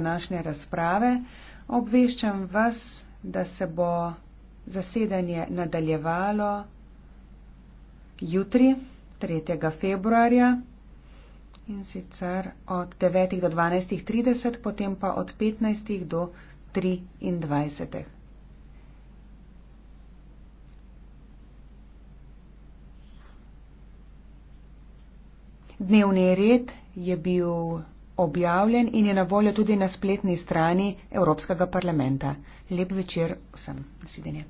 današnje razprave. Obveščam vas, da se bo zasedanje nadaljevalo jutri, 3. februarja, in sicer od 9. do 12.30, potem pa od 15. do 23. Dnevni red je bil objavljen in je na voljo tudi na spletni strani Evropskega parlamenta. Lep večer vsem. Nasvidenje.